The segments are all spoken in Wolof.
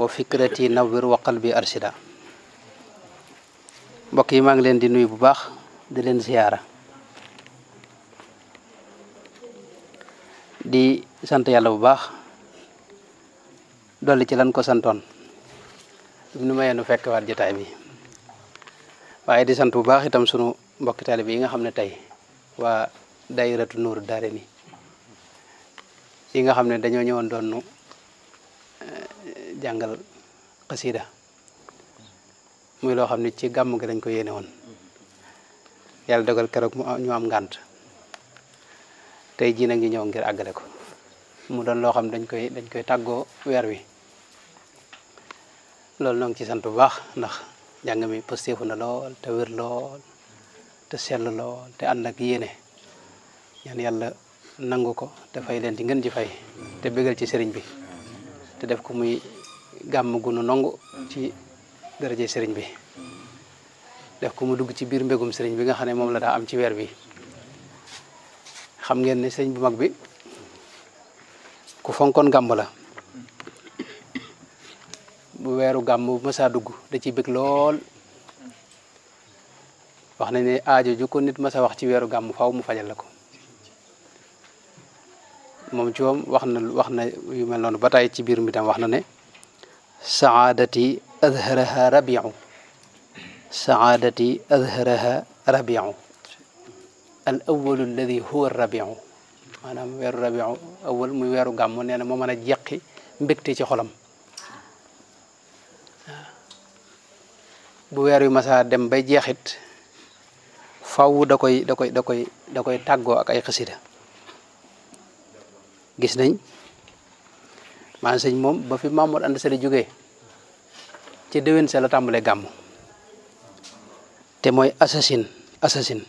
wa fikrati nawwir wa qalbi arshida mbok yi ma ngi len di nuyu bu baax di len ziyara di sante yalla bu baax doli ci lan ko santone ñu maye nu fekk waat jotaay bi waye di sante bu baax itam sunu mbokki talib yi nga xamne tay wa darini. nur nuuru yi nga xamne dañu ñewon jàngal xasida muy loo xam ne ci gàmm gi dañ ko yéene woon yàlla dogal keroog mu ñu am ngant tey jii nag ñu ñëw ngir àggale ko mu doon loo xam dañ koy dañ koy tàggoo weer wi loolu noo ci sant bu baax ndax jàng mi pëstéefu na lool te wér lool te sell lool te ànd ak yéene ñaan yàlla nangu ko te fay leen ci ngeen ji fay te bégal ci sëriñ bi te def ko muy Gamu gu nu nangu hmm. ci daraje serigne bi def ko mu dugg ci bir mbegum serigne bi nga mom la da am ci wer bi xam ngeen ne serigne bu mag bi ku fonkon gamu la bu weeru gàmm bu sa dugg da ci bëgg lool wax nañ ne aajo ju ko nit sa wax ci weeru gàmm faaw mu fajal la ko moom ci moom wax na wax na yu mel noonu ba ci biir mi tam wax ne saadati adharaha rabiu saadati adharaha rabiu al awalu alladi huwa rabiu maanaam weeru rabiu awal muy weeru gàmmu nee na moo mën a jeqi mbégte ci xolam bu weer yi masaa dem bay jeexit faww da koy da koy da koy da tàggoo ak ay xasida gis nañ man señ mom ba fi Mamour ànd sëri jógee ci dewen sa la tàmbalee te moy assassin assassin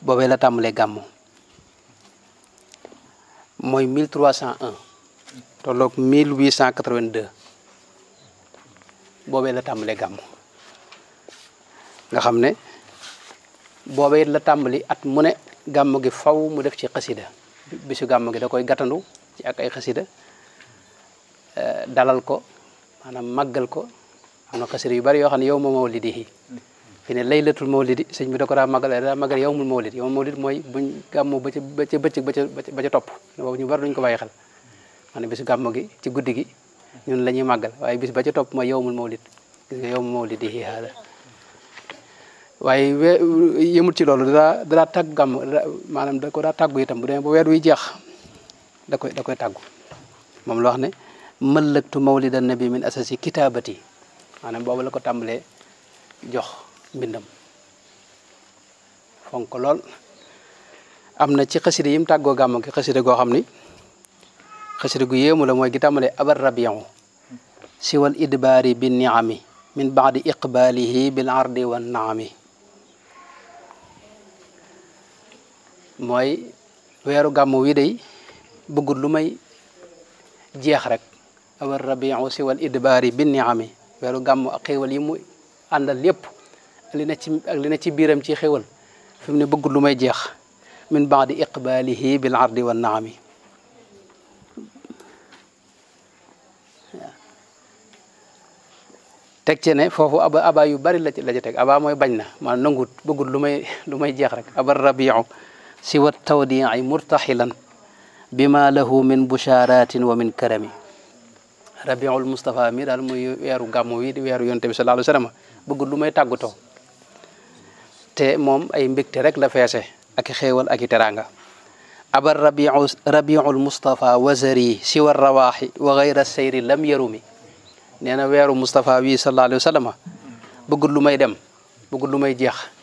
boobee la tàmbalee gam moy 1301 tolok 1882 bobé la tàmbalee gamu. nga xamné bobé la tambali at mu gam gi faw mu def ci qasida bisu gamu gi da koy gàttandu ci ak ay xasida eh, dalal ko manam magal ko am na xasida yu bari yo xam yow mo mawlidihi fi ne laylatul mawlidi sëñ bi da ko daa màggal da màggal yow mul mawlid yow mawlid moy buñ gamu ba ca ba ca ba ca ba ca top ñu war duñ ko baye xel maanaam bisu gamu gi ci guddigi ñun lañuy ñuy waye bis ba ca moy yow mul mawlid gis nga yowmul mawlidihi hada waye we ci lolu da da tag gam manam da ko da tagu itam bu dem bu jeex da koy da koy tàggu moom la wax ne mëllëgtu mawlida nabi min asasi kitaabati maanaam boobu la ko tàmbalee jox mbindam fonk lool am na ci xasida yi mu tàggoo gàmmu gi xasida goo xam ni xasida gu yéemu la mooy gi tàmbalee abar rabiu siwal idbaari bi niami min baadi iqbaalihi bil ardi wa naami mooy weeru gàmmu wi day bëggul lu may jeex rek awal rabiu siwal idbaari bi niami weeru gàmm ak xéewal yi mu àndal yépp li na ci ak li na ci biiram ci xéewal fi mu ne bëggul lu may jeex min baadi iqbaalihi bil ardi wa naami teg ci ne foofu aba aba yu bari la ci la ci teg aba mooy bañ na maanaam nangut bëggul lu may lu may jeex rek aba rabiu siwa tawdii murtaxilan bima lahu min busharatin wa min karami rabiul moustapha mi daal muy weeru gàmmu wi di weeru yonte bi sallallahu alayhi wasallam bëggul lu may tàggutoo te moom ay mbégte rek la feese ak xéewal ak i teraanga abar rabiu rabiul moustapha wazari siwa rawaxi wa gayra seyri lam yarumi nee na weeru moustapha wi sallallahu alayhi wasallam bëggul lu may dem bëggul lu may jeex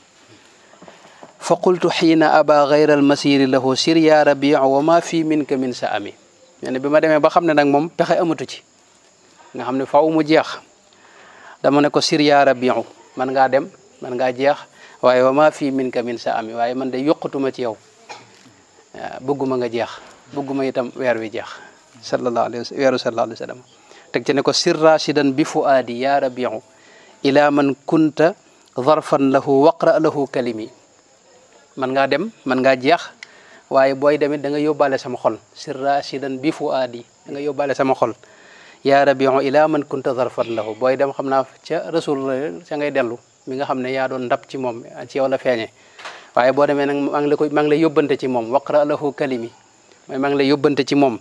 fa qultu xiina aba gayra almasiri lahu sir ya rabi wa ma fi minka min sa ami nee bi ma demee ba xam ne nag moom pexe amatu ci nga xam ne faw mu jeex dama ne ko sir ya man ngaa dem man ngaa jeex waaye wa ma fi minka min sa ami waaye man de yoqatuma ci yow bëgguma nga jeex bëgguma itam weer wi jeex sallallahu alayhi wa weeru sallallahu alayhi wa sallam teg ci ne ko sir rachidan bi fuaadi ya rabi ila man kunta zarfan lahu waqra lahu kalimi mën ngaa dem mën ngaa jeex waaye booy demit da nga yóbbaale sama xol sirra sidan bi fu aadi da nga yóbbaale sama xol yaa rabion man kunta zarfan lahu booy dem xam naa ca rasul ca ngay dellu mi nga xam ne yaa doon ndab ci moom ci yow feeñe waaye boo demee nag maa ngi la koy maa ngi yóbbante ci moom waqra lahu kalimi mooy maa ngi lay yóbbante ci moom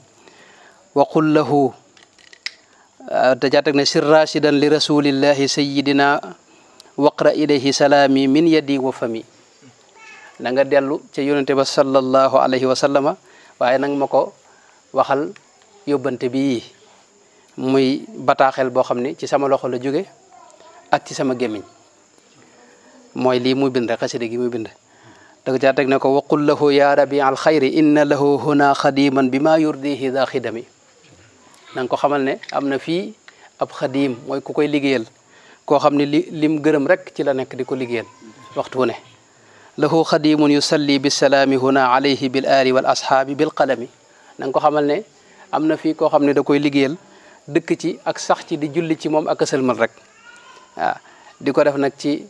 waqul lahu ah, te jàttak ne sirra sidan li rasulillahi sayidina waqra ilayhi salaami min yadi wa fami na nga dellu ca yónnante ba sallallahu alayhi wa sallama waaye nag ma ko waxal yóbbante bii muy bataaxel boo xam ne ci sama loxo la jóge ak ci sama gémmiñ mooy lii muy bind xasida gi muy bind da caa teg ne ko waqul lahu ya rabi al xayri inna lahu huna xadiman bi ma yurdihi da xidami na ko xamal ne am na fii ab xadim mooy ku koy liggéeyal koo xam ne li lim gërëm rek ci la nekk di ko liggéeyal waxtu wu ne lahu xadimun yusalli bisalaami huna alayhi bil aali wal ashaabi bil qalami na nga ko xamal ne am na fii koo xam ne da koy liggéeyal dëkk ci ak sax ci di julli ci moom ak asalmal rek di ko def nag ci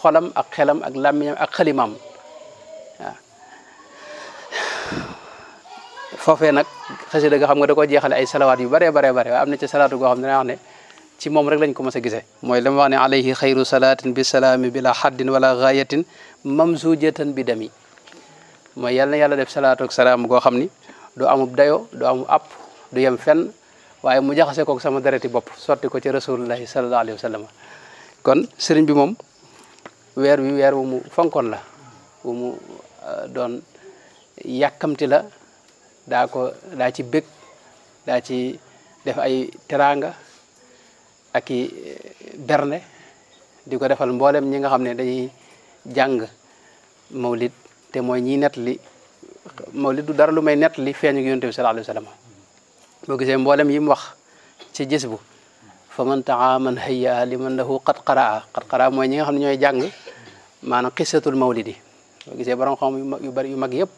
xolam ak xelam ak làmmiñam ak xalimaam waaw foofee nag xasida nga xam nga da ko jeexale ay salawaat yu baree baree bare waaye am na ci salaatu ko xam ne wax ne ci moom rek lañ ko mës a gisee mooy li ma wax ne alayhi xayru salaatin bi bila haddin wala gaayatin Mamzujatan bi dami mooy yalla na def salatu ak salam go xamni do amu dayo do amu app du yam fenn waye mu jaxase ko sama dereti bop soti ko ci rasulullah sallallahu alaihi wasallam sallam kon serigne bi mom wer wi wer mu fonkoon la wu mu euh, don yakamti la da ko da ci bekk da ci def ay teranga ak euh, berne diko defal mbollem ñi nga xamne dañuy jàng mawlid te mooy ñiy nett li mawlid du dara lu may nett li feeñu yonent bi sallallahu alayhi wa gisee mboolem yi mu wax ci gis bu fa man taa man hayya li man lahu qad qaraa qad qaraa mooy ñi nga xam ne ñooy jàng maanaam xisatul mawlid yi boo gisee borom xam yu bari yu mag yëpp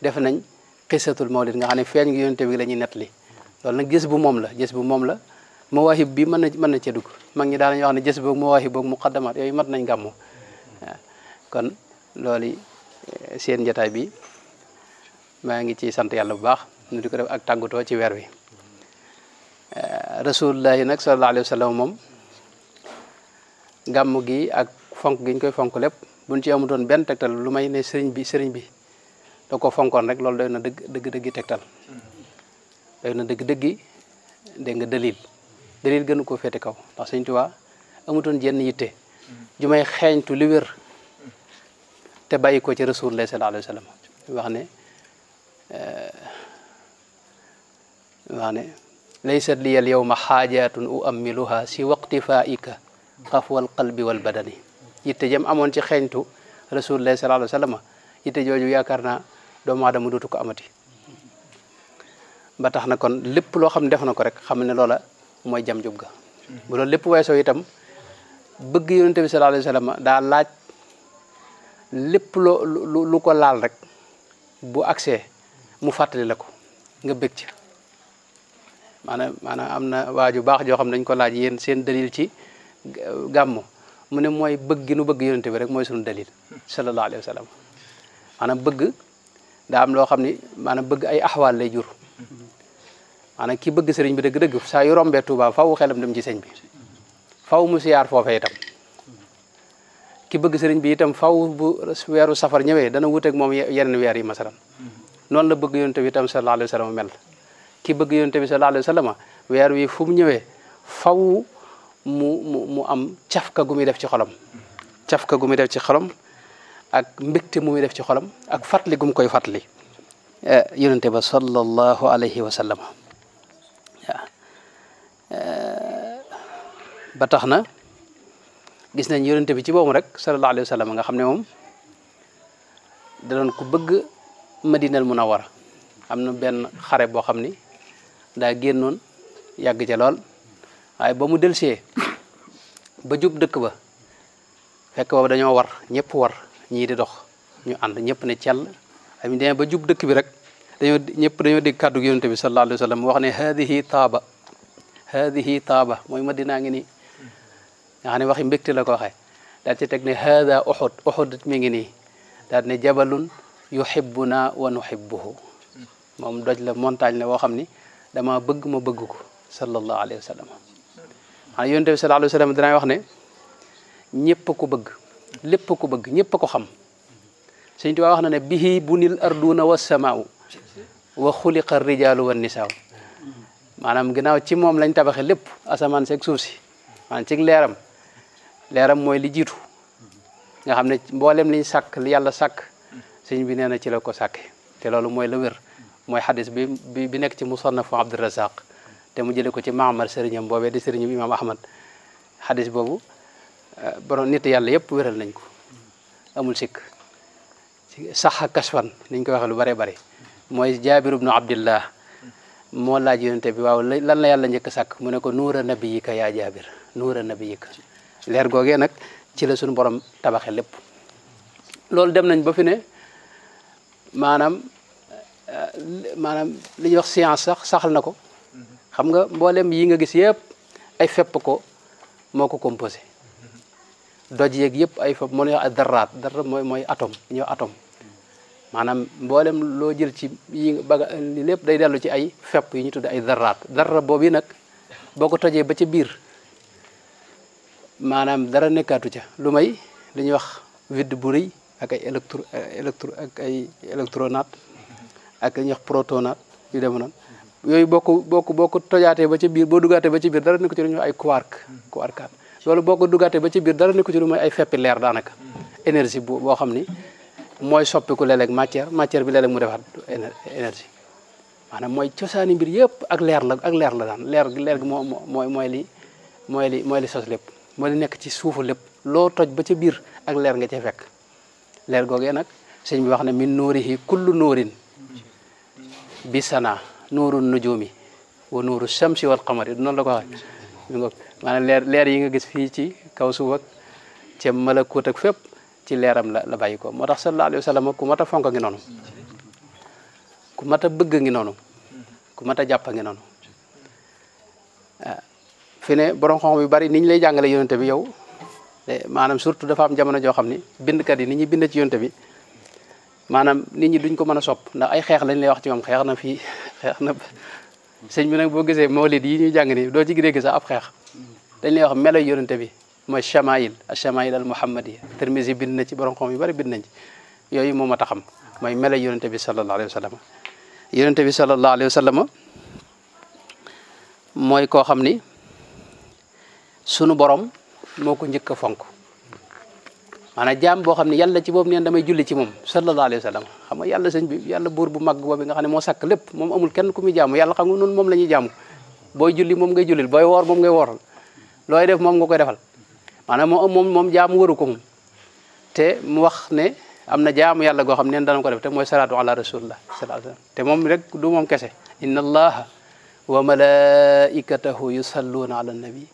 def nañ xisatul mawlid nga xam ne feeñ gi yonent bi la ñuy nett li loolu nag gis bu moom la gis bu moom la mawaahib bi mën na mën na cee dugg mag ñi daanañu wax ne gis boog mawaahib boog muqaddamat yooyu mat nañ gàmmu waaw kon loolu eh, seen njataay bi maa ngi ci sant yàlla bu baax nu di ko def ak tàggatoo ci weer wi eh, rasulullahi nag sallallahu alayhi wa sallam moom gàmm gi ak fonk gi koy fonk lépp buñ ci amutoon benn lu may ne sëriñ bi sëriñ bi da ko fonkoon rek loolu doy na dëgg dëgg dëggi tegtal doy na dëgg dëggi dégg nga dalil dalil gënu koo féete kaw ndax sëriñ Tuubaa amutoon jenn yitte ju may xeeñtu li te bàyyi ko ci rasulullah sallallahu alayhi wa sallam wax ne eh, wax ne laysat li al yowma xaajatun u ammiluha si waqtifaika xafwal qalbi wal badani yitte jëm amoon ci xeeñtu rasulullah sallallahu alayhi wa sallam yitte jooju yaakaar naa doomu aadama dootu ko amati ba tax na kon lépp loo xam ne def na ko rek xam ne loola mooy jam jub ga bu loolu lépp weesoo itam bëgg yonente bi sallallahu alayhi wa sallam daa laaj lépp loo lu ko laal rek bu agsee mu fàttali la ko nga bëgg ci maanaam maanaam am na waa ju baax joo xam ne dañu ko laaj yéen seen dalil ci gàmmu mu ne mooy bëgg gi nu bëgg yonente bi rek mooy sunu dalil sallallahu alayhi wa sallam maanaam bëgg daam loo xam ni maanaam bëgg ay axwaal lay jur maanaam ki bëgg sëriñ bi dëgg-dëgg saa yu rombee Tuuba faw xelam dem ci sëñ bi faw mu siyaar foofee itam ki bëgg sëriñ bi itam faw bu weeru safar ñëwee dana wuteeg moom yeneen weer yi masalan mm-hmm. noonu la bëgg yonent bi itam sallallahu alayhi wa sallam mel ki bëgg yonent bi sallallahu alayhi wa weer wi fu mu ñëwee faw mu mu am cafka gu muy def ci xolom mm-hmm. cafka gu muy def ci xolom ak mbégte mu muy def ci xolam ak fàttali gum mu koy fàttali eh, yonente ba sallallahu alayhi wa eh, ba tax na gis nañ yonente bi ci boobu rek sallallahu alayhi wa sallam nga xam ne moom da doon ku bëgg madinal war am na benn xare boo xam ni daa génnoon yàgg ca lool waaye ba mu delsee ba jub dëkk ba fekk boobu dañoo war ñëpp war ñii di dox ñu ànd ñëpp ne cell am mu demee ba jub dëkk bi rek dañoo ñëpp dañoo dégg kàddu yonente bi sallallahu alayhi wa sallam wax ne haadihi taaba haadihi taaba mooy madinaa ngi nii nga xam ne waxi mbégte la ko waxee ci teg ne haada uxud uxud mi ngi nii daal ne jabalun yuhibbuna wa nuhibbuhu moom doj la montagne la woo xam ni dama bëgg ma bëgg ko sallallahu alayhi wa sallam xanaa yonent bi sallallahu alayhi wa sallam danay wax ne ñëpp ko bëgg lépp ko bëgg ñëpp ko xam Sëñ wax na ne bihi bunil arduna wa wa xuliqa rijaalu wa maanaam ginnaaw ci moom lañ tabaxe lépp asamaan seeg suuf si maanaam ci leeram leeram mooy li jiitu nga xam ne mboolem liñ sàkk li yàlla sàkk sëñ bi nee na ci la ko sàkke te loolu mooy la wér mooy xadis bi bi nekk ci musannafu Abdurazaq te mu jële ko ci Maamar sëriñam boobee di sëriñam Imaam Ahmad xadis boobu eh, borom nit yàlla yëpp wéral nañ ko amul sikk sax kasfan niñ koy waxee lu bare bare mooy Jaabir ibnu Abdillah moo laaj yonente bi waaw lan la yàlla njëkk sàkk mu ne ko nuura nabiyika yaa Jaabir nuura nabiyika leer googee nag ci la suñu borom tabaxe lépp loolu dem nañ ba fi ne maanaam eh, maanaam li ñuy wax science sax saxal na ko xam nga mbooleem yi nga gis yëpp ay fepp ko moo ko composé doj yeeg yëpp ay fepp moo ñuy daraat dara mooy mooy atome ñoo atome maanaam mboolem loo jël ci yi baga lépp day dellu ci ay fepp yu ñu tudde ay daraat dara boobu nag boo ko tojee ba ci biir maanaam dara nekkaatu ca lu may li wax vide bu rëy ak ay électro ak ay électronaat ak li ñuy wax protonaat yu dem noonu yooyu boo ko boo ko boo ko tojaatee ba ci biir boo dugaatee ba ci biir dara nekku ci lu ñuy ay quark quarkaat loolu boo ko ba ci biir dara nekku ci lu ay feppi leer daanaka énergie bu boo xam ni mooy soppiku léeg-léeg matière matière bi léeg-léeg mu defaat énergie maanaam mooy cosaani mbir yëpp ak leer la ak leer la daan leer leer gi moo mooy mooy li mooy li mooy li sos lépp moo nekk ci suufu lépp loo toj ba ca biir ak leer nga ca fekk leer googee nag sëñ bi wax ne min nuurihi kullu nuurin bi sana nuuru nujumi wa nuuru shamsi wal qamari noonu la ko waxee maanaam leer leer yi nga gis fii ci kaw suuf ak ca malakuut ak ci leeram la la bàyyi ko moo tax sallallahu alayhi wa sallam ku mat a fonk ngi noonu ku mat a ngi noonu ku mat a jàpp ngi noonu fi ne borom xam yu bari ni lay jàngale yonente bi yow eh, maanaam surtout dafa am jamono joo xam ni bindkat yi ni ñuy bind ci yonente bi maanaam nit ñi duñ ko mën a sopp ndax ay xeex lañ lay wax ci moom xeex na fii xeex na sëñ bi nag boo gisee mawlid yi ñuy jàng doo ci dégg sax ab xeex dañ lay wax melo yonente bi mooy chamail a chamail al muhammadi termisi bind na ci borom xam bari bind nañ ci yooyu moo ma taxam mooy melo yonente bi sallallahu alayhi wa sallam yonente bi sallallahu alayhi wa sallam mooy koo xam ni sunu borom moo ku njëkk a fonk maanaam jaam boo xam ne yàlla ci boobu neen damay julli ci moom sallallahu alayhi wa sallam xam nga yàlla sëñ bi yàlla buur bu mag boobu nga xam ne moo sakk lépp moom amul kenn ku muy jaamu yàlla xam nga noonu moom la ñuy jaamu booy julli moom ngay jullil booy woor moom ngay wooral looy def moom nga koy defal maanaam moom moom moom jaamu waru ko te mu wax ne na jaamu yàlla goo xam ne dana ko def te mooy salaatu ala rasulillah sallallahu alayhi wa te moom rek du moom kese inna allaha wa malaikatahu yusalluna ala nabi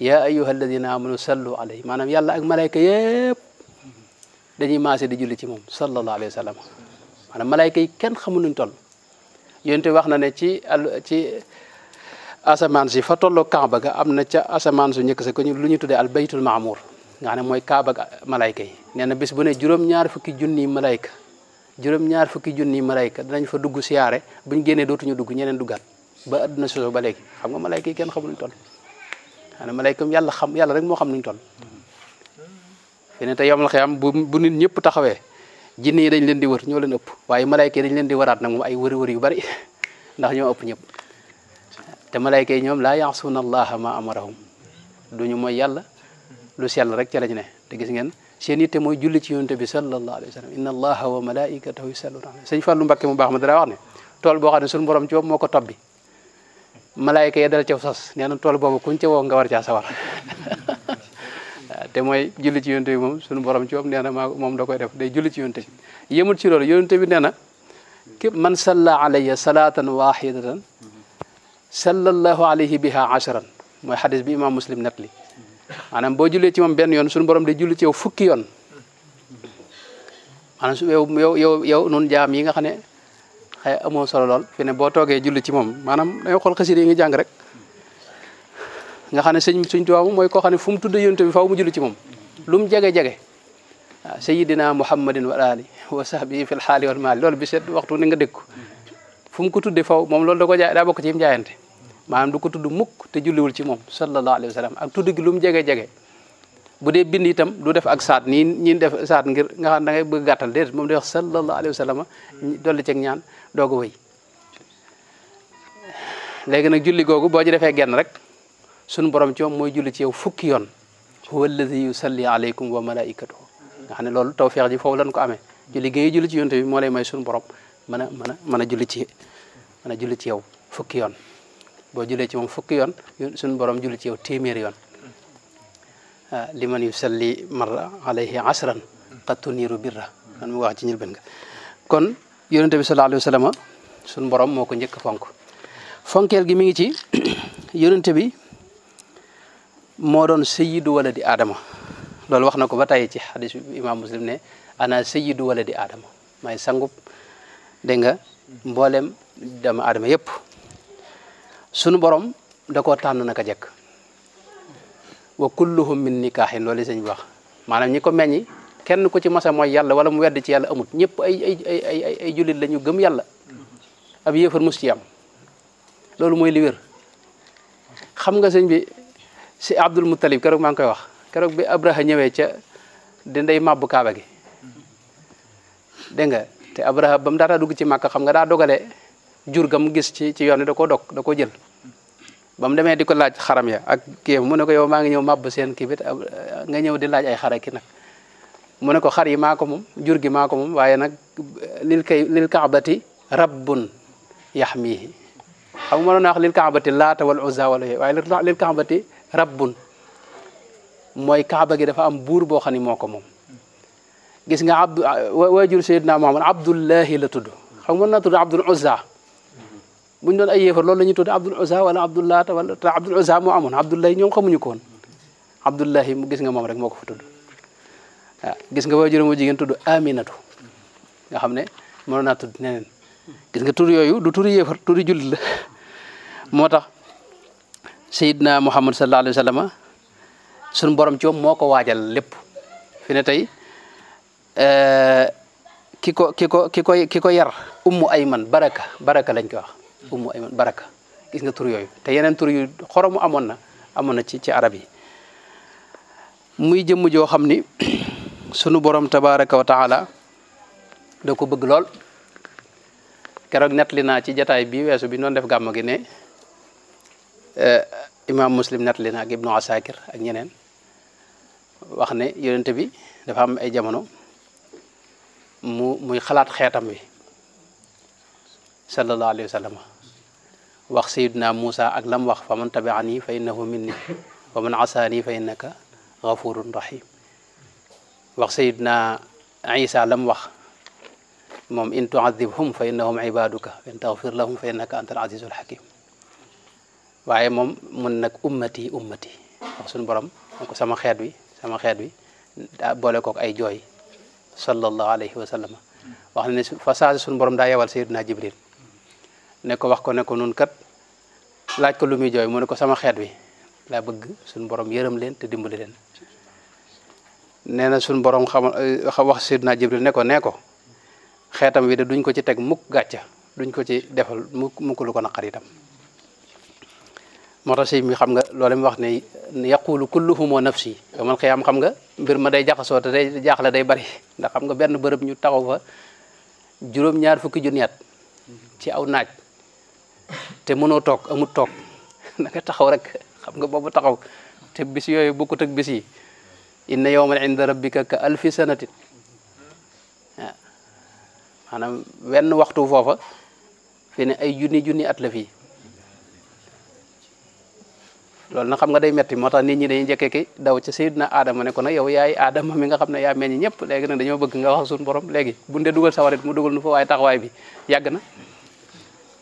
Ya ayuha na amanu sallu alayhi Manam yalla ak malaika yeb dañuy masé di julli ci mom sallallahu alayhi wasallam Manam malaika yi kenn xamul ñu toll yonte wax na ne ci ci asaman si fa tolloo kaaba ga amna na asaman su njëkk sa ko lu ñu tuddé al baytul ma'mur nga ne moy kaaba ga malaika yi neena bis bu ne juroom ñaar fukki junni malaika juroom ñaar fukki junni malaika dañ fa dugg buñu gene dootu ñu dugg ñeneen ba aduna soso ba legi xam nga malaika yi kenn xamul ñu toll ana malaikum yalla xam yalla rek mo xam nuñ ton fene tay te xiyam bu nit ñepp taxawé jinne yi dañ leen di wër ñoo leen upp waye malaike dañ leen di waraat nak mu ay wër wër yu bari ndax ñoo upp ñepp te malaike ñom la ya'suna allah ma amarahum duñu mooy yalla lu sel rek ci lañ ne te gis ngeen seen yitte moy julli ci yoonte bi sallallahu alayhi wasallam inna allah wa malaikatahu yusalluna seigne fallu mbakke mu bax ma dara wax ne tol bo xamne sun borom ci mom moko tobbi malaayka ya dal ca sos nee tool boobu kuñ ca woo nga war caa sawar te mooy julli ci yonte bi moom sunu borom ci moom nee na maa moom da koy def day julli ci yonte bi yëmul ci loolu yonte bi nee na képp man salla alayya salaatan wahidatan sallallahu alayhi biha asharan mooy xadis bi imam muslim net li maanaam boo jullee ci moom benn yoon suñu borom day julli ci yow fukki yoon maanaam su yow yow nun jaam yi nga xam ne xëy amoo solo lool fi ne boo toogee julli ci moom maanaam dañoo xool jàng rek nga xam ne sëñ suñ tuwaamu mooy koo xam ne fu mu tudd yonent bi faaw mu julli ci moom lu mu jege-jege waaw sayidina muhammadin wa ali wa sahbi fil xaali wal maali loolu bi seet waxtu ni nga dégg ko ko tudde faw moom loolu da ko jaay daa bokk ci yim jaayante maanaam du ko tudd mukk te julliwul ci moom sallallahu alayhi wa sallam ak tudd gi lu mu jege-jege bu dee bind itam du def ak saat nii ñi def saat ngir nga xam da ngay bëgg gàttal déedéet moom day wax sallallahu alayhi wa sallam dolli ceeg ñaan doog a wëy léegi nag julli googu boo ci defee genn rek sunu borom ci moom mooy julli ci yow fukki yoon huwa alladi yusalli aleykum wa malaikatuhu nga xam ne loolu tawfeex ji foofu lañ ko amee julli gi ngay julli ci yonte bi moo lay may sunu borom mën a mën a mën a julli ci mën a julli ci yow fukki yoon boo jullee ci moom fukki yoon sunu borom julli ci yow téeméeri yoon ah, liman yusalli marra alayhi asran qad tuniru birra man mu wax ci ñëlbeen nga kon yonente bi sallallahu alaihi wasallam sun borom moko ñëk fonk fonkel gi mi ngi ci yonente bi mo doon sayyidu waladi adama lool wax nako tay ci hadith imam muslim ne ana sayyidu waladi adama may sangup de nga mbollem dama adama yépp sunu borom da ko tan naka jek wa kulluhum min nikahin lolé señ wax manam ñi ko meñni kenn ku ci masa moy yalla wala mu wedd ci yalla amut ñepp ay ay ay ay ay ay jullit la gëm yalla ab yéefar mus lolu moy li wër xam nga señ bi si abdul mutalib kërok ma ngi koy wax kërok bi abraha ñëwé ci di ndey mabbu kaaba gi de nga te abraha bam mu daata dugg ci makka xam nga da dogalé jur gam gis ci ci yoon da koo dog da jël bam démé diko laaj xaram ya ak kii ya, mu ne ko yow ma ngi ñëw mabbu seen kibit nga ñëw di laaj ay xara ki nak mu ne ko xar yi maa ko moom jur gi maa moom waaye nag lil kay lil kaabati rabbun yaxmihi xam nga ma doon wax lil kaabati laata wal uzza wala yooyu waaye lil kaabati rabbun mooy kaaba gi dafa am buur boo xam ni moo ko moom gis nga abdu waajur sayidna Muhammad abdullahi la tudd xam nga mën tudd abdul uzza bu ñu ay yéefar loolu la tudd abdul uzza wala abdul laata wala te abdul uzza moo amoon abdullahi ñoom xamuñu ko woon abdullahi mu gis nga moom rek moo ko fa tudd waaw ah, gis nga waajuram bu jigéen tudd Aminatu nga xam ne mënoon naa tudd neneen gis nga tur yooyu du turi yéefar turi jullit la moo tax Seydina Muhammad sallallahu alayhi wa sallam borom ci moom moo ko waajal lépp fi ne tey eh, ki ko ki ko ki koy ki ko yar ummu ayman baraka baraka lañ koy wax ummu ayman baraka gis nga tur yooyu te yeneen tur yu xoromu amoon na amoon na ci ci arab yi muy jëmm joo xam ni sunu borom tabaraka wa taala da ko bëgg lool keroog nettali naa ci jataay bi weesu bi noonu def gàmm gi ne eh, imaam muslim nettali naa ak ibnu asakir ak ñeneen wax ne yonente bi dafa am ay jamono mu muy xalaat xeetam wi sallallahu alayhi wa sallam wax sayiduna Muusa ak lam wax fa man tabiani fa innahu minni wa man asaani fa innaka gafurun rahim wax sayidna isa lam wax moom in tuadibhum fa innahum ibaduka wa in taxfir lahum fa innaka anta al azizul hakim waaye moom mun nag ummati ummati wax sun borom ko sama xeet wi sama xeet wi daa boole kook ay jooy sallallahu alayhi wa sallam wax na ne fa saasi sun borom daa yewal sayidna jibril ne ko wax ko ne ko nun kat laaj ko lu muy jooy mu ne ko sama xeet wi laa bëgg sun borom yërëm leen te dimbali leen nee na suñ borom xamal eh, wax naa Jibril ne ko nee ko xeetam wi de duñ ko ci teg mukk gàcca duñ ko ci defal muk mukk lu ko naqar moo ta si mi xam nga loolu mu wax ne yaqulu kulluhum wa nafsi man xiyaam xam nga mbir ma day jaxasoo te day jaaxle day bari ndax xam nga benn bërëb ñu taxaw fa juróom-ñaar fukki junniyaat ci aw naaj te mënoo toog amut toog da taxaw rek xam nga boobu taxaw te bis yooyu bokkut ak bis inna yawman inda rabbika ka alfi sanatin waaw ah. wenn waxtu foofa fi ne ay junni junni at la fii loolu na xam nga day metti moo tax nit ñi dañuy njëkkee ki daw ca Seydina Adama ne ko nag yow yaay Adama mi nga xam ne yaa meññ ñëpp léegi nag dañoo bëgg nga wax suñu borom léegi bu dee dugal sawarit mu dugal nu fa waaye taxawaay bi yàgg na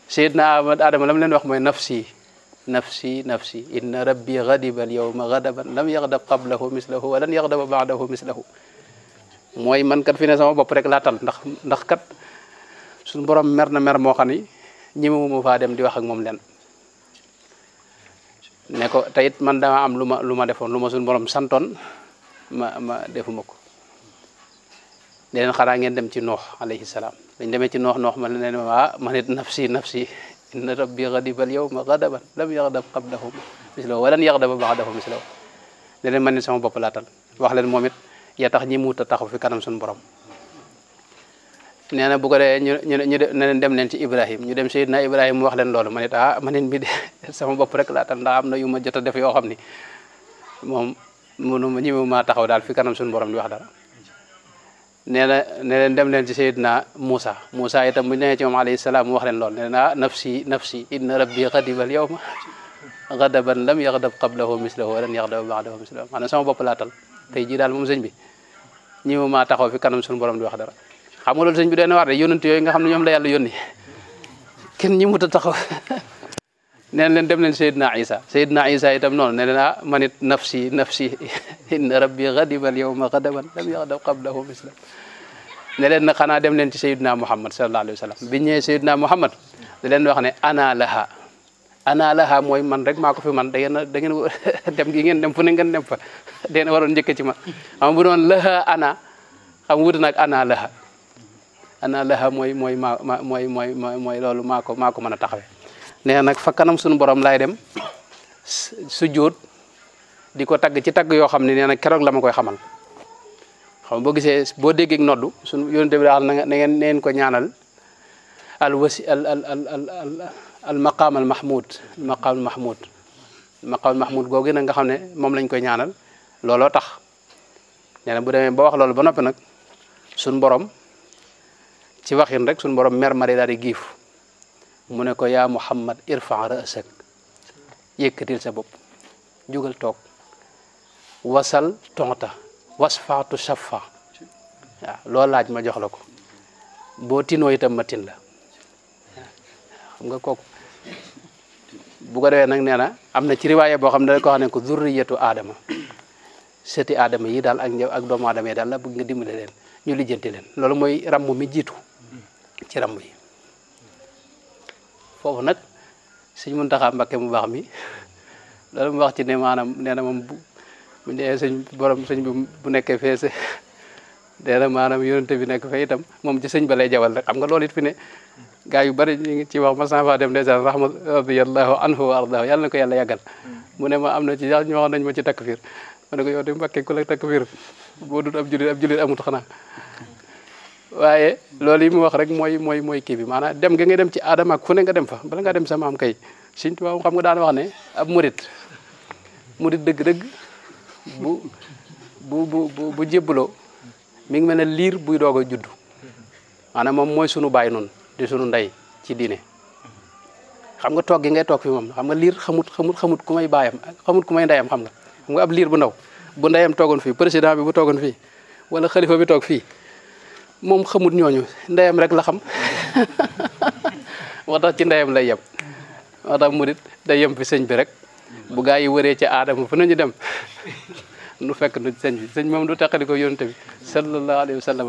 Seydina Adama la mu leen wax moy nafsi nafsi nafsi inna rabbi ghadiba al yawma ghadaban lam yaghdab qablahu mislahu wa lan yaghdab ba'dahu mislahu moy man kat fi ne sama bop rek laatal ndax ndax kat sun borom mer mer fa dem di wax ak mom len ne ko tayit man dama am luma luma defon luma sun ma borom santon ma ma defumako ko xara ngeen dem ci noox alayhi salam dañ demé ci noox ma leen ah, nafsi nafsi إن ربي غضب اليوم غضبا لم يغضب قبله مثله ولن يغضب بعده مثله ne leen man sama bopp laatal wax leen moom it ya tax ñi muuta taxaw fi kanam suñu borom nee na bu ko dee ñu ibrahim ñu dem sayidna ibrahim wax leen loolu man it ah man it mi de sama bopp rek laatal ndax am na yu ma jot a def yoo xam ni moom mënu ñi ma taxaw daal fi nee na ne leen dem leen ci Seydina Moussa Moussa itam bu ñu demee ci moom alayhi wax leen lool ne leen ah nafsi nafsi inna rabbi xadiba al yawma xadaban lam yaxdab qablahu mislahu walan yaxdaba baxdahu mislahu maanaam sama bopp laatal tey jii daal moom sëñ bi ñi mu maa fi kanam suñu borom di wax dara xam nga lool sëñ bi doon na war de yónnante yooyu nga xam ne ñoom la yàlla yónni kenn ñi mut a taxaw neen leen dem leen Seydina Isa Seydina Isa itam noonu ne leen ah man it nafsi nafsi inna rabbi ghadiba al yawma ghadaban lam yaghdab qablahu misla ne leen nag xanaa dem leen ci Seydina Muhammad sallallahu alayhi wa sallam bi ñëwee Seydina Muhammad da leen wax ne ana laha ana mooy man rek maa ko fi man da ngeen da ngeen dem gi ngeen dem fu ne ngeen dem fa deen waroon njëkk ci man xam bu doon laha ana xam wut nag ana laha ana laha mooy mooy maa mooy mooy mooy loolu maa ko ko mën a taxawee nee nak fa kanam sunu borom lay dem sujjuut di ko tagg ci tag yo xamni ne kérok lama koy xamal xam boo gisee boo déggee noddu sunu yonente bi daal na ngeen neen ko ñaanal al wasi al al al al al al al mahmoud maqaam al mahmoud maqaam al mahmud gogé na nga xamné mom lañ koy ñaanal lolo tax nee bu démé ba wax lolo ba nopi nak sunu borom ci waxin rek sunu borom mer mari daal di mu ne ko yaa muhammad irfa ra'sak yëkkatil sa bopp jógal toog wasal tonta wasfaatu safa waaw loo laaj ma jox la ko boo tinoo itam ma tin la xam nga kook bu ko defee nag nee na am na ci riwaaye boo xam ne da ko xam ne ko zurriyatu aadama seti aadama yi daal ak ñëw ak doomu aadama yi daal la bëgg nga dimbale leen ñu lijjanti leen loolu mooy ramm mi jiitu ci ramm yi foofu nag sëñ Muntaxa Mbakke mu mbax mi loolu mu wax ci ne maanam nee na moom bu bu nee sëñ borom sëñ bi bu nekkee feese nee na maanaam yonente bi nekk fe itam moom ci sëñ ba lay jawal rek xam nga loolu it fi ne gaa yu bari ñu ngi ci wax ma san fa dem ndeysaan rahma radiyallahu anhu wa ardahu yàlla na ko yàlla yàggal mu ne ma am na ci yàlla ñu waxoon nañ ma ci takk fiir ma ne ko yow de Mbakke ku la takk fiir boo dul ab julit ab julit amut waaye loolu yi mu wax rek mooy mooy mooy kii bi maanaam dem nga nga dem ci aadama ak fu ne nga dem fa bala nga dem sa maam kay Sëriñ Tuubaa xam nga daan wax ne ab murit murit dëgg-dëgg bu bu bu bu ngi mel ne liir buy doog a juddu maanaam moom mooy sunu baay noonu di sunu nday ci diine xam nga toog gi ngay toog fi moom xam nga liir xamut xamut xamut ku may baayam xamut ku may ndeyam xam nga xam nga ab liir bu ndaw bu ndeyam toogoon fii président bi bu toogoon fii wala xalifa bi toog fii moom xamut ñooñu ndeyam rek la xam moo ci ndeyam lay yem moo tax murit day yem fi sëñ bi rek bu yi wëree ci aadama fu nañu dem nu fekk nu sëñ bi sëñ moom du teqali ko yonent bi sallallahu alayhi wa sallam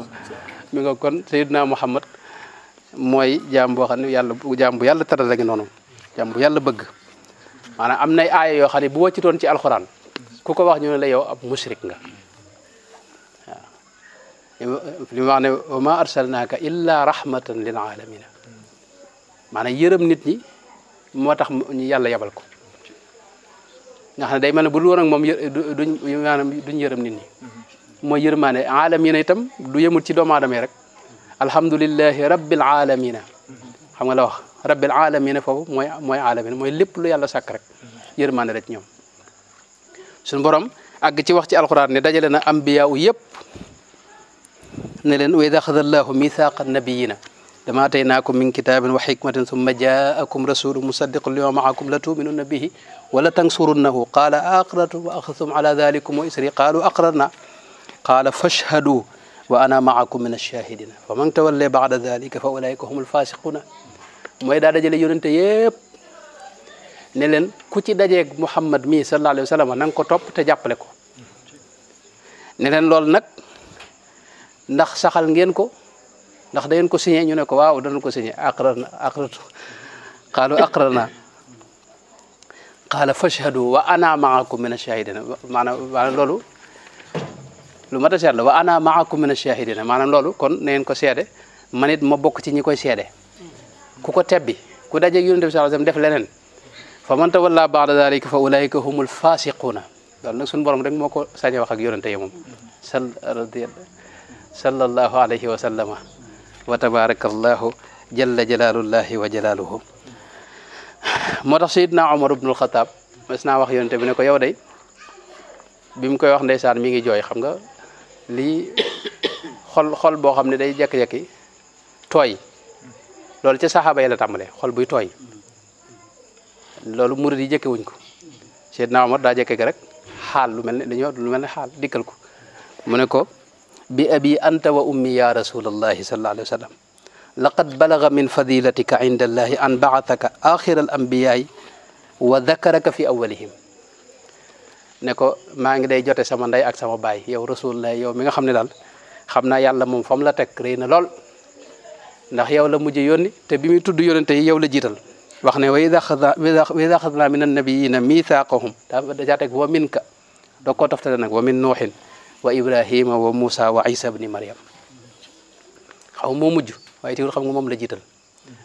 mi nga kon Seydina Muhammad mooy jaam boo xam ne yàlla jaam bu yàlla taral rek noonu jaam bu yàlla bëgg maanaam am nay aaya yoo xam ne bu wàccutoon ci alxuraan ku ko wax ñu ne la yow ab mushrik nga limane wa ma arsalnaaka illa rahmatan lil alamina maanaam yërëm nit ñi moo tax yàlla yabal ko nga xam ne day mel ne bu dul woon ak moom duñ maanaam duñ yërëm nit ñi mooy yërmaane aalamina itam du yemul ci doomu aadama yi rek alhamdulilahi rabbil alamina xam nga la wax rabbil alamina foofu mooy mooy alamina mooy lépp lu yàlla sàkk rek yërmaane la ci ñoom suñu borom àgg ci wax ci alxuraan ne dajale na ambiya u yëpp نلن وإذا أخذ الله ميثاق النبيين لما أتيناكم من كتاب وحكمة ثم جاءكم رسول مصدق لما معكم لتؤمنن به ولا تنصرنه قال أقررتم وأخذتم على ذلكم وإسري قالوا أقررنا قال فاشهدوا وأنا معكم من الشاهدين فمن تولى بعد ذلك فأولئك هم الفاسقون ما إذا دجل يب نلن كتي دجل محمد مي صلى الله عليه وسلم ننكو تجاب لكو نلن لول نك ndax saxal ngeen ko ndax dangeen ko signé ñu ne ko waaw danañ ko signé aqrarna aqrartu qaalu aqrarna qaala fashhadu wa ana maakum min ashahidina maanaam maanaam loolu lu mat a seet la wa ana maakum min ashahidina maanaam loolu kon na ngeen ko seede man it ma bokk ci ñi koy seede ku ko tebbi ku daje yonent bi sallallahu alayhi wasallam def leneen fa man tawalla ba'da dhalika fa ulaika humul fasiquna loolu borom rek moo ko sañ wax ak yonent moom sal radiyallahu sallallahu alayhi wa sallama wa tabarakallahu jalla jalaalullahi wa jalaaluhu moo tax sayidna omar ibnul xataab mas naa wax yonente bi ne ko yow day bi mu koy wax ndeysaan mi ngi jooy xam nga lii xol xol boo xam ne day jekki-jekki tooy loolu ci saxaaba yi la tàmbalee xol buy tooy loolu murid yi jëkke wuñ ko sayidna omar daa jëkke ga rek xaal lu mel ne dañuy lu mel ne xaal dikkal ne ko بأبي أنت وأمي يا رسول الله صلى الله عليه وسلم لقد بلغ من فضيلتك عند الله أن بعثك آخر الأنبياء وذكرك في أولهم نكو ما عند أي جوتة سما داي أك سما باي يا رسول الله يا مين خم ندال خمنا يا الله مم فملا تكرين لول نخ يا الله مجي يوني تبي مي تدو يوني تي يا الله جيرل وخنا ويدا خذ ويدا ويدا خذنا من النبيين ميثاقهم تابع دجاتك ومنك دكتور تفتح نك ومن نوحين wa ibrahima wa moussa wa isa xaw moo mujj waaye tiwul xam nga moom la jiital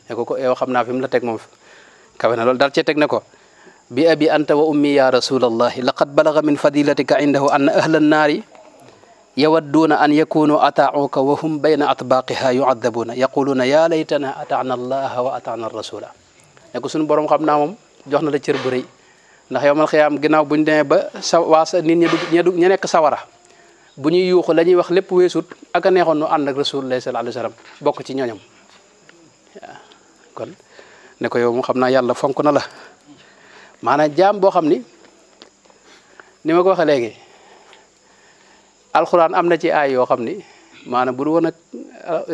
ne yow xam na fi mu la teg moom kawe na loolu daal cee teg ne ko bi abi anta wa ummi ya rasulallahi laqad balaga min fadilatika indahu anna ahla annaari yawadduuna an yakunu ataacuka wa hum bayna atbaaqiha yucadabuuna yaquluuna yaa laytana ataana allaha wa ataana rasula ne ko borom xam na moom jox na la cër bu rëy ndax yow mal ginaaw ginnaaw buñu demee ba sa waa sa nekk sawara bu ñuy yuuxu lañuy wax lépp weesut ak a neexoon nu ànd ak rasulullah sallallahu alayhi wasallam bokk ci ñooñam waaw kon ne ko yow mu xam naa yàlla fonk na la maanaam jaam boo xam ni ni ma ko waxee léegi alxuraan am na ci aay yoo xam ni maanaam bu du woon ak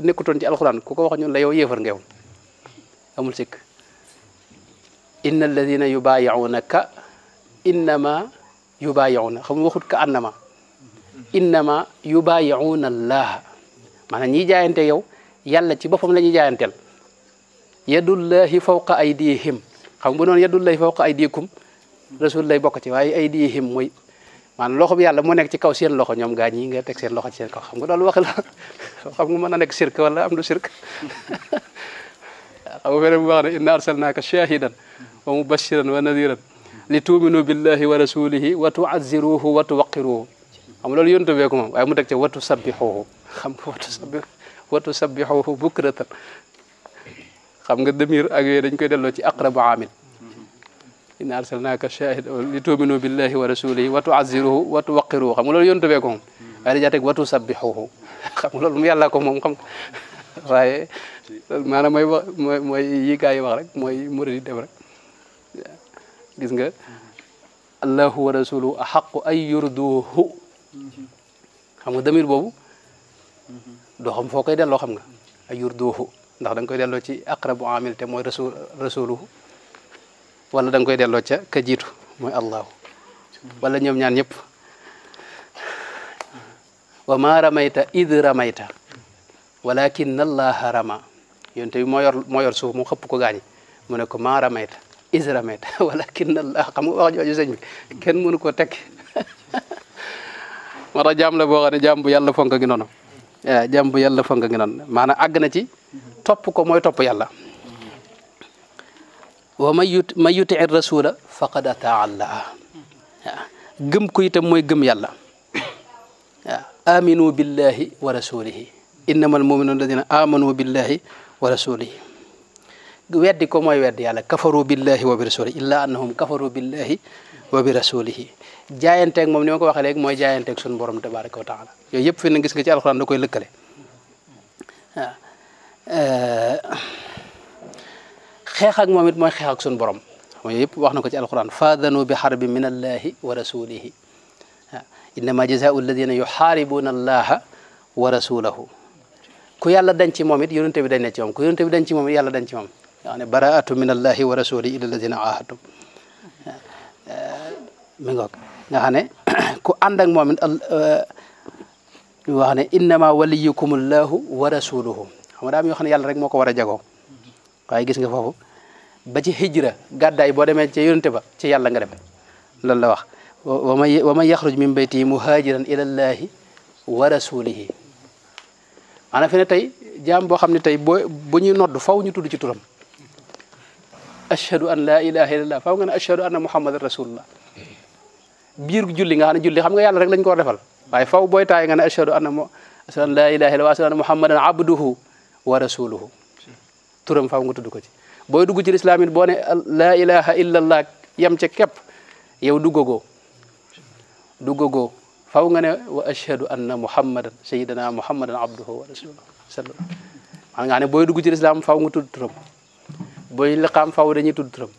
nekkutoon ci alxuraan ku ko wax ñun la yow yéefar ngeew amul sikk inna alladina yubayiunaka innama yubayiuna xam waxut ka annama انما يبايعون الله معنى ني جاينت يو يالا سي بوفم لا ني جاينتل يد الله فوق ايديهم خم بو نون يد الله فوق ايديكم رسول الله بوك سي واي ايديهم موي مان لوخو يالا مو نيك سي كاو سين لوخو نيوم غاني نيغا تك سين لوخو سين كاو خم دول واخ لا خم مو نيك شرك ولا ام دو شرك او فيرم واخ ان ارسلناك شاهدا ومبشرا ونذيرا لتؤمنوا بالله ورسوله وتعزروه وتوقروه xam loolu yontu bee ko moom waaye mu teg ca watu sabbi xam nga watu sabbi watu sabbi xooxu bukratan xam nga demir ak yooyu dañ koy delloo ci aqrabu amil inna arsalnaka shahid li tuminu billahi wa rasulihi wa tu'azziruhu wa tuwaqqiruhu xam nga loolu yontu bee ko moom waaye dajaa teg watu sabbi xam nga loolu mu yàlla ko moom xam waaye maanaam mooy wax mooy mooy yi gaa yi wax rek mooy murid yi def rek gis nga allahu wa rasuluhu axaqu ay yurduhu xam nga damir boobu doo xam foo koy delloo xam nga ayur duuhu ndax da nga koy delloo ci aqrabu amil te mooy rasul rasuluhu wala da koy delloo ca ka jiitu mooy allahu wala ñoom ñaan ñëpp wa ma ramayta id ramayta walakin allaha rama yonte bi moo yor mu xëpp ko gaañi mu ne ko ma ramayta is allah xam nga wax jooju sëñ bi kenn mënu ko tekk moo tax jaam la boo xam ne jaam bu yàlla fonk ngi noonu waaw eh, jaam bu yàlla fonk ngi noonu na ci topp ko mooy topp yàlla wa man yut man yuti rasula faqad ataa allah gëm ko itam mooy gëm yàlla waaw aminu billahi wa rasulihi innama almuminuna alladina amanu wa rasulihi weddi ko mooy weddi yàlla kafaru billahi wa bi rasulihi illa annahum kafaru billahi wa bi rasulihi jaayanteeg moom ni ma ko waxee léegi mooy jaayanteeg suñu borom tabaraka wa taala yooyu yëpp fi na gis nga ci alxuraan da koy lëkkale waaw xeex moom it mooy xeex ak suñu borom yooyu yëpp wax na ko ci alxuraan faadanu bi xarbi min allahi wa rasulihi waaw innama jazaau alladina yuxaaribuna allaha wa rasulahu ku yàlla dañ ci moom it yonente bi dañ ne ci moom ku yonente bi ci moom yàlla dañ ci moom yaa ne min allahi wa rasulihi ila alladina ahadtum nga xam ne ku ànd ak moom it euh, ñu wax ne innama waliyukumullahu wa rasuluhu xam nga daa am yoo xam ne yàlla rek moo ko war a jagoo waaye gis nga foofu ba ci hijra gàddaay boo demee ci yonente ba ci yàlla nga dem loolu la wax wa man yaxruj min baytihi muhajiran ila llahi wa rasulihi maanaam fi ne tey jaam boo xam ne tey boo bu ñuy nodd faw ñu tudd ci turam ashhadu an la ilaha illallah faw nga ne ashhadu anna muhammadan rasulullah biir julli nga xam ne julli xam nga yàlla rek lañ ko war defal waaye faw booy taay nga ne ashhadu anna mo ashhadu an laa ilaaha illallaah wa ashhadu anna muhammadan abduhu wa rasuluhu turam faw nga tudd ko ci booy dugg ci lislaam it boo ne laa ilaha illallah yam ca képp yow duggagoo duggagoo faw nga ne wa ashhadu anna muhammadan sayyidina muhammadan abduhu wa rasuluhu sallam xam nga ne booy dugg ci lislaam faw nga tudd turam booy liqaam faw dañuy tudd turam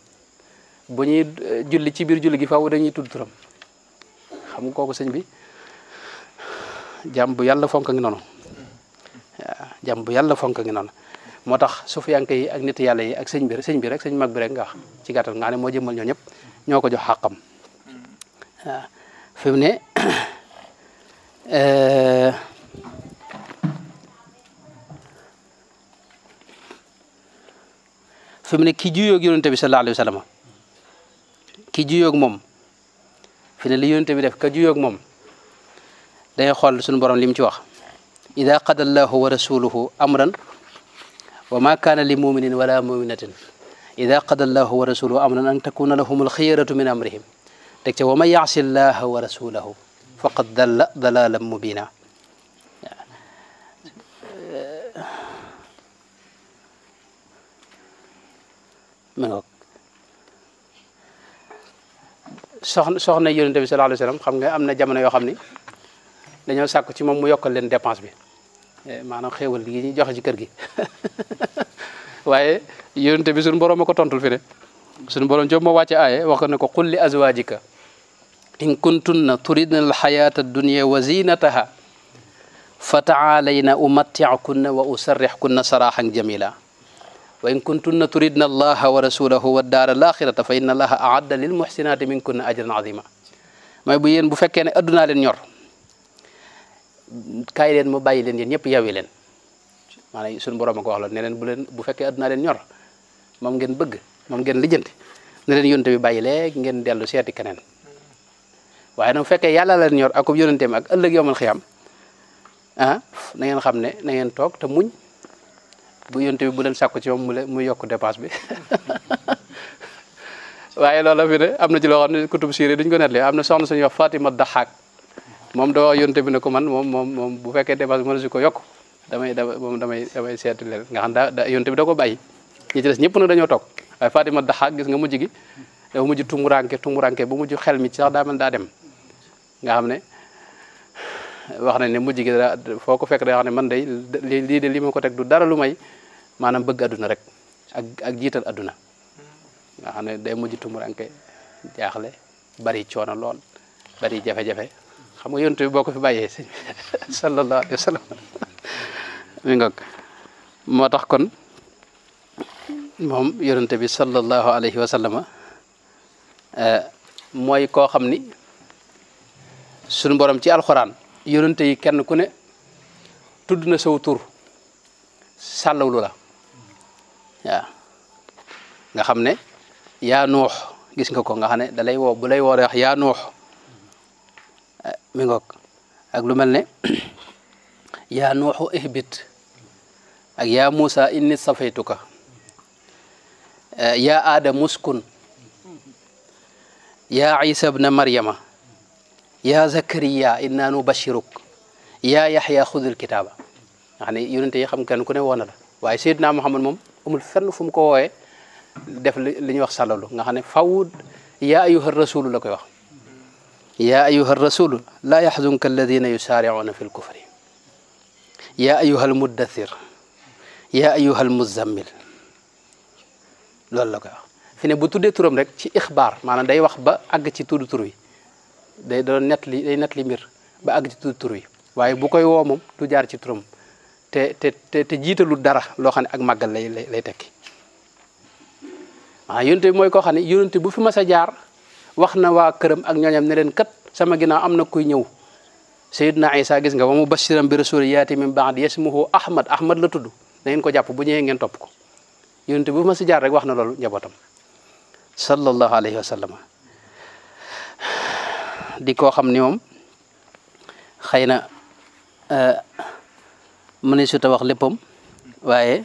bu ñuy eh, julli ci biir julli gi faw dañuy tudd turam xam kooku sëñ bi jàmm bu yàlla fonk ngi noonu waaw jàmm bu yàlla fonk ngi noonu moo tax sufiyanke yi ak nit yàlla ak sëñ bi sëñ bi rek sëñ mag bi rek nga wax ci gàttal nga ne moo jëmmal ñoo ñëpp ñoo ko jox xàqam waaw fi mu ne eh, fi mu ne ki juyoog yonente bi sallallahu alayhi wa sallam ki juyoog moom fi ne li yonent bi def ka juyoog moom day xool suñu borom li mu ci wax ida qada allahu wa rasuluhu amran wa ma kaana li muminin wala muminatin ida qada allahu wa rasuluhu amran an takuna lahum alxiyaratu min amrihim teg ca wa man yaasi allaha wa rasulahu faqad dalla dalalan mubina من soxna soxna yonente bi sallallahu alayhi wasallam xam nga amna jamono yo xamni dañu sàkku ci mom mu yokkal leen dépense bi maanaam xéewal yi ñuy joxe ci kër gi waaye yonente bi suñu borom a tontul fi de suñu borom jom moo wàcce aaye wax ne ko qul li azwajika in kuntunna turidna alxayata addunia wa zinataha fa umattiakunna wa usarrixkunna saraxan jamila وإن كنتن تريدن الله ورسوله والدار الآخرة فإن الله أعد للمحسنات منكن أجرا عظيما ما يبين بفك أن أدنى لن ير كايلين مبايلين ين يبي يويلين ما يسون برا ما قالوا نلين بلين بفك أدنى لن ير ممكن بق ممكن لجند نلين يون تبي بايلين نلين ديالو سياتي كنن وأنا فك يلا لن ير أكو يون تيمك الله يوم الخيام ها نين خمنة نين توك تمون bu yonte bi bu leen sàkku ci moom mu leen mu yokk dépense bi waaye loola fi ne am na ci loo xam ne kutub siiri duñ ko nettali am na soxna suñuy wax Fatima Daxaak moom doo yonte bi ne ko man moom moom moom bu fekkee dépense bi mën si ko yokk damay moom damay damay seeti nga xam daa yonte bi da ko bàyyi ñi ci des ñëpp nag dañoo toog waaye Fatima Daxaak gis nga mujj gi dafa mujj tumuranke tumuranke ba mujj xel mi ci sax daa daa dem nga xam ne wax nañ ne mujj gi dara day wax ne man day lii de li ma ko teg lu may maanaam bëgg adduna rek ak jiital adduna nga xam ne day mujj jaaxle bari coono lool bari jafe-jafe xam nga yonent boo ko fi bàyyee sëñ bi sallallahu mi ngoog moo tax kon moom yonent bi sallallahu alayhi wa sallam eh, mooy koo xam ni suñu mborom ci alxuraan yonente yi kenn ku ne tudd na saw tur sàllawlu la waaw nga xam ne yaa nuux gis nga ko nga xam ne da lay woo bu lay woo wax yaa nuux eh, mi ngoog ak lu mel ne yaa nuuxu ihbit ak yaa Muusa inni safaytuka eh, yaa aada muskun yaa isa bna maryama يا زكريا إنا نبشرك يا يحيى خذ الكتاب يعني يونت يا خم كان كنا وانا واي سيدنا محمد مم أم الفن فم كوه دف لني وقت سالو لو نحن فاود يا أيها الرسول لك يا يا أيها الرسول لا يحزنك الذين يسارعون في الكفر يا أيها المدثر يا أيها المزمل لا لا فين بتودي ترم رك إخبار معنا داي وخ با أجت تودي تروي day do net li day net li mir ba ag ci tudd tur wi bu koy wo mom du jaar ci turum te te te te jiitalul dara lo xane ak magal lay lay tek waaw yonente moy ko xane xam bu fi mas jaar waxna wa kërëm ak ñoñam ne len kat sama gina amna na kuy ñew sayyidna isa gis nga wa mu bi rasul yaati min ba'd yasmuhu ahmad ahmad la tuddu na ngeen ko japp bu ñewé ngeen top ko yonente bu fi jaar rek waxna lolu njabotam sallallahu alayhi wa di koo xam ni moom xëy na euh, mëne su ta wax léppam waaye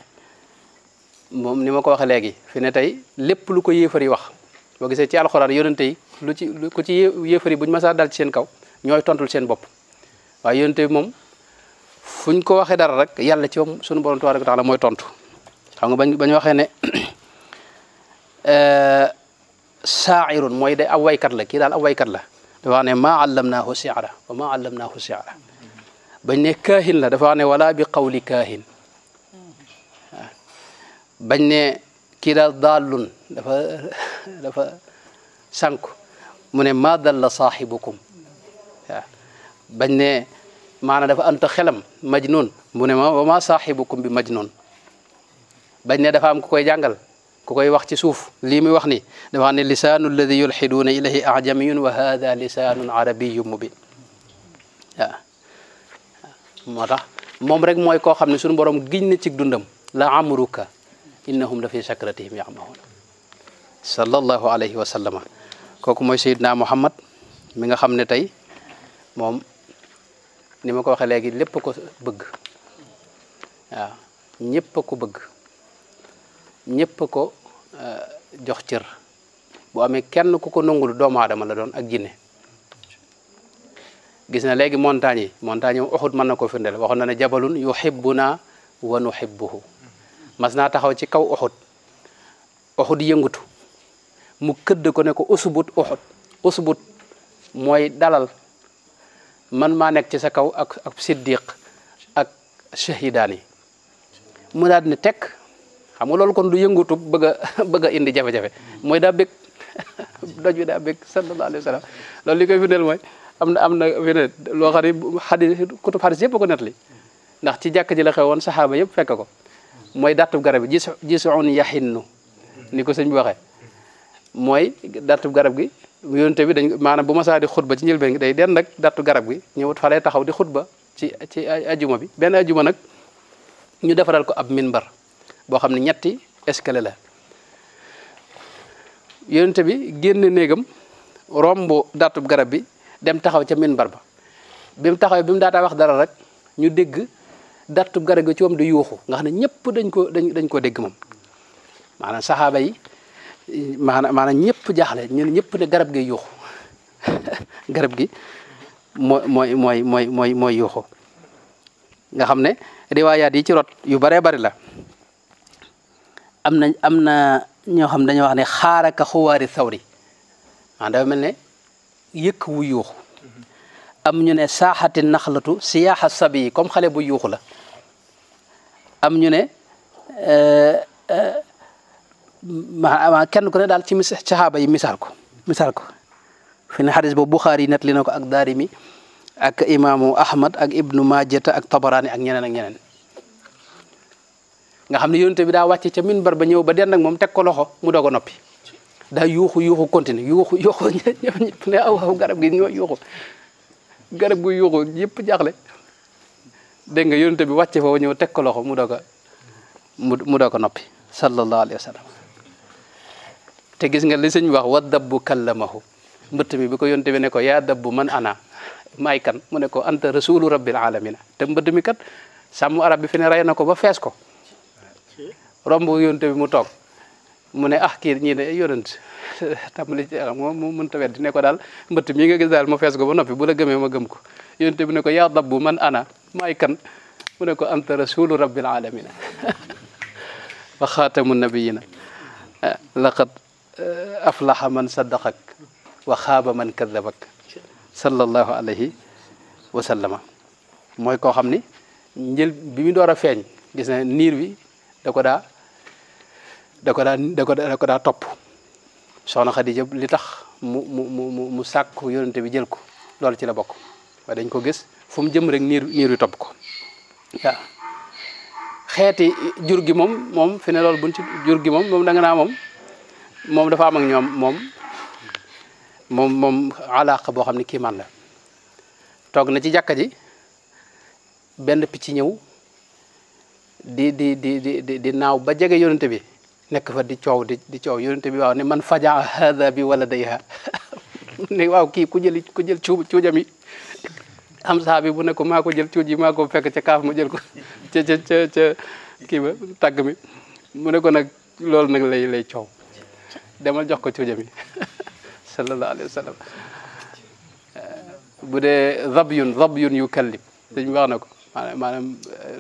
moom ni ma ko waxe léegi fi tey lépp lu ko yéefar yi wax boo gisee ci alxuraan yonente yi lu ci ku ci yéefar yi bu ñu masaa dal ci seen kaw ñooy tontul seen bopp waaye yonente moom fu ñu ko waxee dara rek yàlla ci moom sunu borom tabaaraka wa taala mooy tontu xam nga bañ bañu waxee ne euh, saa'irun mooy day ab waykat la kii daal ab waykat la دفعني ما علمناه سعره وما علمناه سعره بني كاهن لا دفعني ولا بقول كاهن بني كيرا ضالون دفع دفع سانكو من ما ضل صاحبكم بني معنى دفع انت خلم مجنون من ما وما صاحبكم بمجنون بني دفع امكو كوي جانجل ku koy wax ci suuf lii muy wax ni dafa xam ne lisaanu alladi yulxiduuna ilayhi ajamiyun wa hada lisaanun arabiyun mubin waaw moo tax moom rek mooy koo xam ne sunu borom giñ na ci dundam la amruka innahum la fi sakratihim yamahuun sallallahu alayhi wa sallama kooku mooy sayidna muhammad mi nga xam ne tey moom ni ma ko waxee léegi lépp ko bëgg waaw ko bëgg ñépp ko euh, jox cër bu amee kenn ku ko nangul doomu aadama la doon ak jinne gis na léegi montagne yi montagne yi Uhud na ko firndeel waxoon na ne jabalun yuhibbuna wa nuhibbuhu mas naa taxaw ci kaw Uhud Uhud yëngutu mu këdd ko ne ko usbut Uhud usbut mooy dalal man maa nekk ci sa kaw ak ak siddiq ak shahidaani mu daal ne xam nga loolu kon du yëngatu bëgg bëgg indi jafe-jafe mooy daa bëgg doj bi daa bëgg sallallahu alayhi wa sallam loolu li koy firndeel mooy am na am na firnde loo xam ne xadis kutub xadis yëpp ko nettali ndax ci jàkk ji la xewoon saxaaba yëpp fekk ko mooy dattub garab gi jisuun yaxinnu ni ko sëñ bi waxee mooy dattub garab gi yonente bi dañ maanaam bu ma saa di xutba ci njëlbeen gi day den nag dattu garab gi ñëwut fa taxaw di xutba ci ci ajuma bi benn a ajuma nag ñu defaral ko ab minbar boo xam ne ñetti escalier la yonent bi génn néegam romb daatub garab bi dem taxaw ca minbar ba bi taxaw bi mu daataa wax dara rek ñu dégg daatub garab gi ci moom di yuuxu nga xam ne ñëpp dañ ko dañ dañ koo dégg moom maanaam saxaaba yi maanaam maanaam ñëpp jaaxle ñun ñëpp garab gi yuuxu garab gi moo nga xam ne riwaayaat yi ci rot yu baree bari la am na am na ñoo xam dañoo wax ne xaaraka xuwaari sawri ah mel ne yëkk wu yuuxu am ñu ne saaxati naxlatu siyaaxa sabi yi comme xale bu yuuxu la am ñu ne eh, eh, ma kenn ku ne daal ci saxaaba yi misaal ko misaal ko fi ne xadis boobu Buxaari yi net li na ko ak daarimi ak imaamu Ahmad ak ibnu Maajata ak Tabaraani ak ñeneen ak ñeneen nga xamni ne yonte bi da wacce ci minbar ba ñew ba den nak mom tek ko loxo mu doog a noppi daa yuuxu yuuxu continue yuuxu yuuxu ñepp ñëpp ne aw aw garab gi ñoo yuuxu garab gu yuuxu ñepp jaxle de nga yonte bi wàcce foofu ñew tek ko loxo mu dogo mu dogo nopi sallallahu alaihi wasallam. te gis nga li señ wax wa dabbu kallamahu mbeut bi ko yonte bi ne ko ya dabbu man ana may kan mu ne ko anta rasulur rabbil alamina te mbeut mi kat sàmm arab bi fi ne ray nako ba fess ko romb yonent bi mu toog mu ne ah kii ñii de yonent tàmbali ci xam moom mu mënta weddi ne ko daal mbëtt mii nga gis daal mu fees ko ba noppi bu la gëmee ma gëm ko yonent bi ne ko man ana maay kan mu ne ko anta rasulu rabbil alamina wa xaatamu nabiyina laqad eh, aflaha man saddaqak wa xaaba man kadabak sallallahu alayhi wa sallama mooy koo xam ni njël bi mu door a feeñ gis na niir bi da ko daa da ko daan da ko ko daa topp soxna Xadija li tax mu mu mu mu sàkk yonente bi jël ko loolu ci la bokk waaye dañ ko gis fu jëm rek niir niir yu topp ko xeeti jur gi moom moom fi ne loolu buñ ci jur gi moom moom da naa moom moom dafa am ak ñoom moom moom moom alaaka boo xam ne kii man la toog na ci jàkka ji benn picc ñëw di di di di di naaw ba jege yonente bi nekk fa di coow di di coow yonente bi waaw ne man faja hada bi wala dayha ne waaw kii ku jëli ku jël cu cuujam yi am saa bi bu ne ko maa ko jël cuuj yi maa ko fekk ca kaaf ma jël ko ca ca ca ba tàgg mi mu ne ko nag loolu nag lay lay coow demal jox ko cuujam yi sallallahu alayhi wa sallam bu dee zab yun zab yun yu kallim dañu wax na ko maanaam maanaam eh,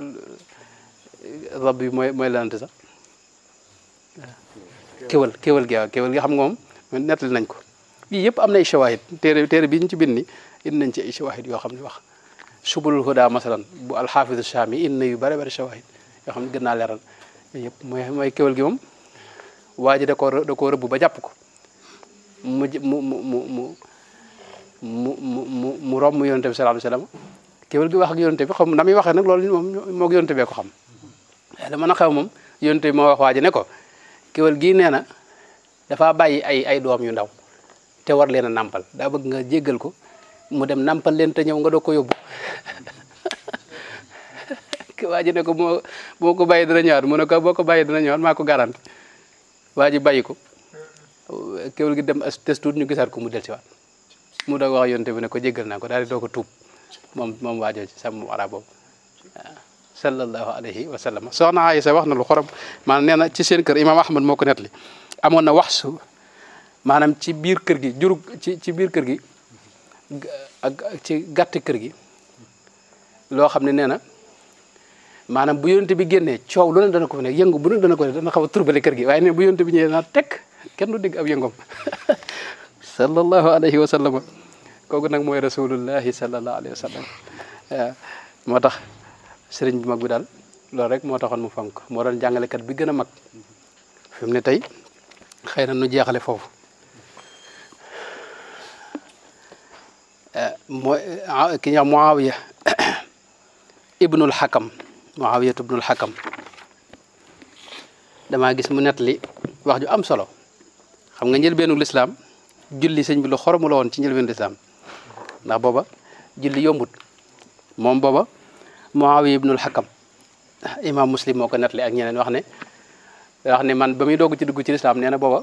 zab yi mooy mooy lanante sax kéwal kéwal gi waaw kéwal gi xam moom nettali nañ ko lii yëpp am na ay shawahid téere téere bi ñu ci bind indi nañ ci ay shawahid yoo xam ne wax subulul huda masalan bu alxaafisu shaami indi na yu bare bare shawahid yoo xam ne gën naa leeral yooyu yëpp mooy mooy kéwal gi moom waa ji da koo da koo rëbb ba jàpp ko mu mu mu mu mu mu mu mu romb yonente bi sallallahu alayhi wasallam kéwal gi wax ak yonente bi xam na muy waxee nag loolu moom moo ak yonente bee ko xam dama na xew moom yonente bi moo wax waa ji ne ko kéwél gii nee na dafa bàyyi ay ay doom yu ndaw te war leen a nampal daa bëgg nga jéggal ko mu dem nampal leen te ñëw nga doog ko yóbbu waa ji ne ko moo boo ko bàyyi dana ñëwaat mu ne ko boo ko bàyyi dana ñëwaat maa ko garanti waa ji ko kéwél gi dem as ñu gisaat ko mu dellusiwaat mu doog wax yoon te bi ne ko jéggal naa ko daal di doo ko tuub moom moom waajoo ci sam arab boobu sallallahu alayhi wa sallam soxna Aysa wax na lu xorom maanaam nee na ci seen kër imaam Ahmad moo ko nettali amoon na wax su maanaam ci biir kër gi jurug ci ci biir kër gi ak ci gàtt kër gi loo xam ne nee na maanaam bu yonent bi génnee coow lu ne dana ko fi nekk yëngu bu ne dana ko dana xaw a turbale kër gi waaye ne bu yonent bi ñëwee naa teg kenn du dégg ab yëngoom sallallahu alayhi wa sallam kooku nag mooy rasulullahi sallallahu alayhi wa sallam waaw moo tax sëriñ bi mag bi daal loolu rek moo taxoon mu fonk moo doon jàngalekat bi gën a mu ne tey xëy na nu jeexale foofu eh, mooy ah, ki ñuy wax Muawiya ibnul Xakam Muawiyatu ibnul damaa gis mu nettali wax ju am solo xam nga njëlbeenu lislaam julli sëñ bi lu xoromu ci njëlbeenu lislaam ndax booba julli yombut moom booba Muawiya ibnul Hakam imaam muslim moo ko nettali ak ñeneen wax ne wax ne man ba muy doog ci dugg ci lislaam nee na booba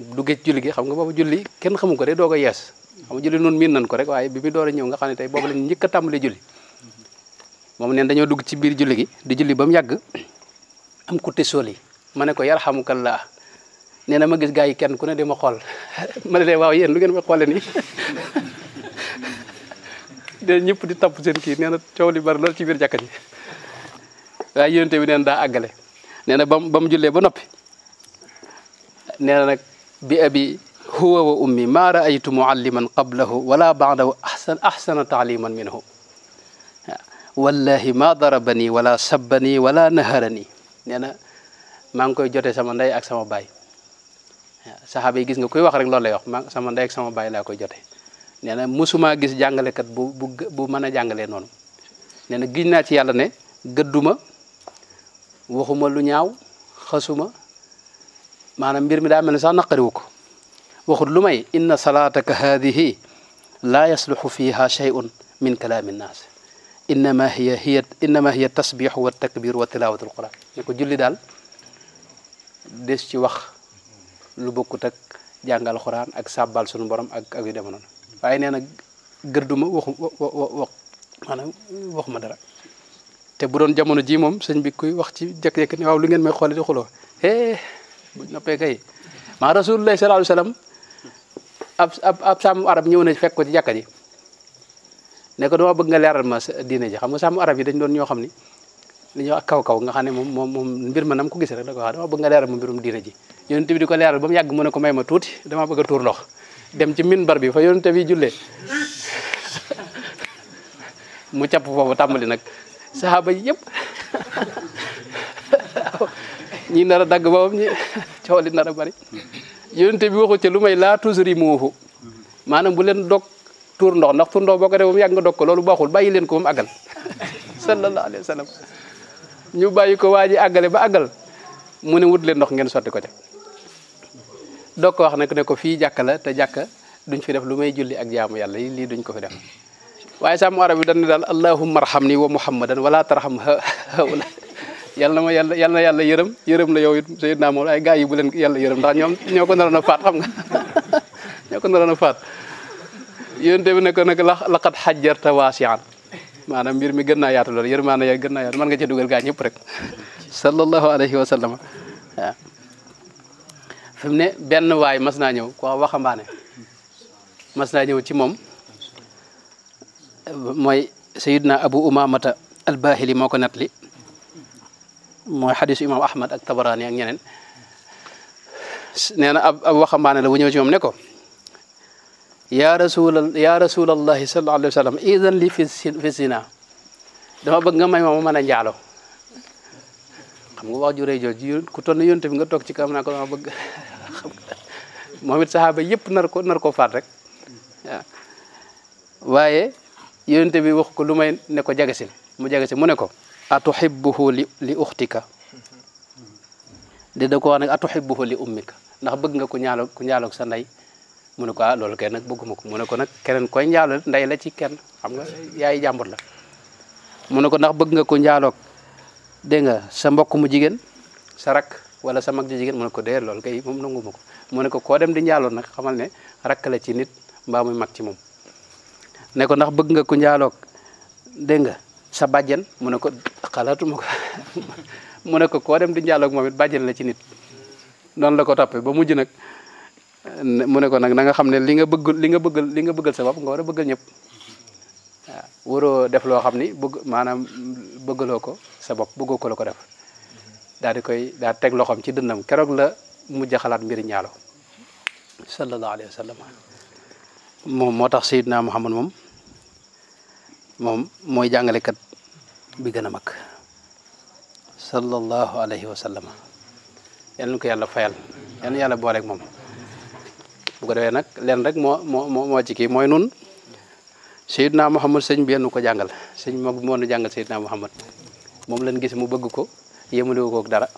duggee ci julli gi xam nga booba julli kenn xamu ko day doog a yees xam nga julli noonu miin nañ ko rek waaye bi muy door ñëw nga xam ne tey boobu lañ njëkk a moom neen dañoo dugg ci biir julli gi julli ba mu yàgg am ku ma ne ko yarhamukallah nee na ma gis gars yi kenn ku ne di ma xool ma ne leen waaw yéen lu ngeen ma xoole nii nee ñëpp di tapp seen kii nee na coow li bari lool ci biir jàkka ji waaye yonent bi nee na daa àggale nee na ba mu ba mu jullee ba noppi nee na nag bi abi huwa wa ummi maa raaytu mualliman qablahu wala baadahu ahsan ahsana taaliman minhu wallahi ma darabani wala sabbani wala naharani nee na maa ngi koy jote sama ndey ak sama baay saxaaba yi gis nga koy wax rek loolu lay sama ndey ak sama baay laa koy jotee nee na mësumaa gis jàngalekat bu bu bu mën a jàngalee noonu nee na giñ naa ci yàlla ne gëdduma waxuma lu ñaaw xasuma maanaam mbir mi daal mel ne sax naqariwu ko waxut lu may inna salaataka haadihi laa yasluxu fiha shay'un min kalaami nnaas innama hiya hiya innama hiya tasbixu wa takbir wa tilawatu alquran ne ko julli daal des ci wax lu bokkut ak jàngal alquran ak sàbbal sunu borom ak ak yu demoon waaye nee na gërduma waxu wa maanaam waxuma dara te bu doon jamono ji moom sëñ bi kuy wax ci jekk-jekk ni waaw lu ngeen may xoole di xuloo eh bu noppee kay maa rasulullah sallallahu alayhi wasallam ab ab ab sàmm arab ñëw na fekk ko ci jàkka ji ne ko dama bëgg nga leeral ma diine ji xam nga sàmm arab yi dañ doon ñoo xam ni li ñuy wax kaw-kaw nga xam ne moom moom moom mbir ma nam ko gis rek da ko wax dama bëgg nga leeral ma mbirum diine ji yonent bi di ko leeral ba mu yàgg mu ne ko may ma tuuti dama bëgg a tuur ndox dem ci minbar bi fa yonente bi jullee mu capp foofu tàmbali nag saxaaba yi yëpp ñi nara a dagg boobam ñi coow li nar a bari yonente bi waxu ca lu may laa tuzrimuuhu maanaam bu leen dog tuur ndox ndax tuur ndox boo ko defee mu yàgg nga dog loolu baaxul bàyyi leen ko ba mu àggal sallallahu alayhi wa sallam ñu bàyyi ko waa ji àggale ba àggal mu ne wut leen ndox ngeen sotti ko ca doog wax nag ne ko fii jàkka la te jàkka duñ fi def lu may julli ak jaamu yàlla yi lii duñ ko fi def waaye sàmm arab bi dañ ne daal allahumma arham ni wa muhammadan wala tarham hawla yal na ma yàlla yal na yàlla yërëm yërëm la yow it Seydina Moom ay gaay yi bu yàlla yërëm ndax ñoom ñoo ko naroon a faat xam nga ñoo ko naroon a faat yonente bi ne ko nag laqad xajjarta waasian maanaam mbir mi gën naa yaatu yër yërmaana ya gën naa yaatu mën nga ci dugal gaa ñëpp rek sallallahu alayhi wa sallam waaw fi ne benn waay mas naa ñëw ko waxambaane mas naa ñëw ci moom mooy sayidna abu umamata albahili moo ko nettali mooy xadisu imam ahmad ak tabarani ak ñeneen nee na ab ab waxambaane la bu ñëw ci moom ne ko yaa rasul rasulallahi sallallahu alayhi wa sallam li fi fi zina dama bëgg nga may ma ma mën a njaalo xam nga wax ju kuton jooju ku toll yonte bi nga toog ci kam naa ko dama bëgg moom wae saxaaba yépp nar ko nar ko faat rek waaye yonte bi wax ko lu ne ko mu jagasil mu ne ko atuhibbuhu li li uxtika de da ko wax nag atuhibbuhu li ummika ndax bëgg nga ko ñaalo ku ñaaloog sa nday mu ne ko ah loolu kay nag bëgguma ko mu ne ko nag keneen koy ñaalo nday la ci kenn xam nga yaay jàmbur la mu ne ko ndax bëgg nga ko denga sa mbokk mu jigen sa rak wala sa mag jigen jigéen mu ne ko déer lol kay mom nangu ma ko mu ne ko ko dem di njaaloon nak xamal ne rak la ci nit mba muy mag ci mom ne ko ndax bëgg nga ku njaaloog denga linga sa bàjjen mu ne ko xalaatuma ko mu ne ko ko dem di momit la ci nit non la ko ba mujj nak mu ne ko nak nga xamne li nga bëgg li nga li nga bëggal sa bop nga wara bëggal waaw waroo def loo xam ni bëgg maanaam bëggaloo ko sa bopp bëggoo ko la ko def daal di koy daal teg loxoom ci dënnam keroog la mujj xalaat mbiri ñaalo sallallahu alayhi wa moom moo tax Seydina Muhammad moom moom mooy jàngalekat bi gën a mag sallallahu alayhi wa sallam yal na ko yàlla fayal yal na yàlla booleeg moom bu defee nag leen rek moo moo moo ci kii mooy nun sayyidna muhammad señ bi ko jangal señ mag mo jangal sayyidna muhammad mom lañu gis mu bëgg ko yëmulé ko ak dara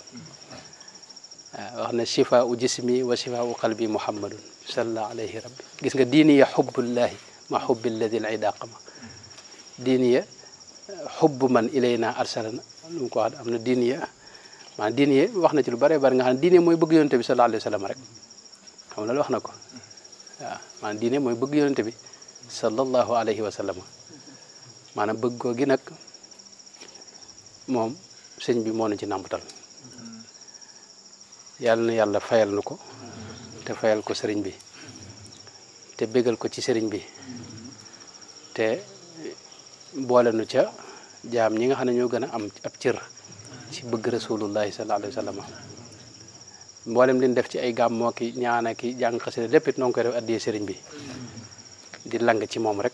waxna na shifa u jismi wa shifa u qalbi muhammadun sallallahu alayhi rabbi gis nga diini ya llahi ma hubbil ladhi al idaqama diini ya hubbu man ilayna arsalana lu ko wax amna diini ya ma diini ya wax ci lu bare bare nga xam diini ya moy bëgg yonte bi sallallahu alayhi wasallam rek xam la wax nako ma diini ya moy bëgg yonte bi sallallahu alayhi wa sallam maanaam bëggoo gi nag moom sëñ bi moo na ci nàmbatal yàlla na yàlla fayal nu ko te fayal ko sëriñ bi te bégal ko ci sëriñ bi te boole nu ca jaam ñi nga xam ne ñoo gën a am ab cër ci bëgg rasulullahi sallallahu alayhi wa sallam mboolem li ñu def ci ay gàmmoo ki ñaana ki jàng xasida lépp it noo koy def addiyee sëriñ bi di lang ci mom rek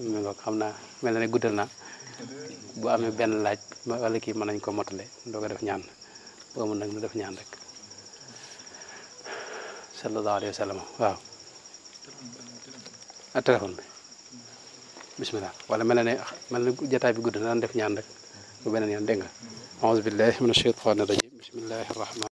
ñu ngoog xamna mel na guddal na bu amé ben laaj wala ki mën nañ ko motalé doo def ñaan bo mu nak nu def ñaan rek sallallahu alayhi wasallam waaw a téléphone bi bismillah wala mel na ne mel na jataay bi guddal na def ñaan rek bu benen yoon dégg nga أعوذ billahi minash shaitanir الرجيم bismillahir rahmanir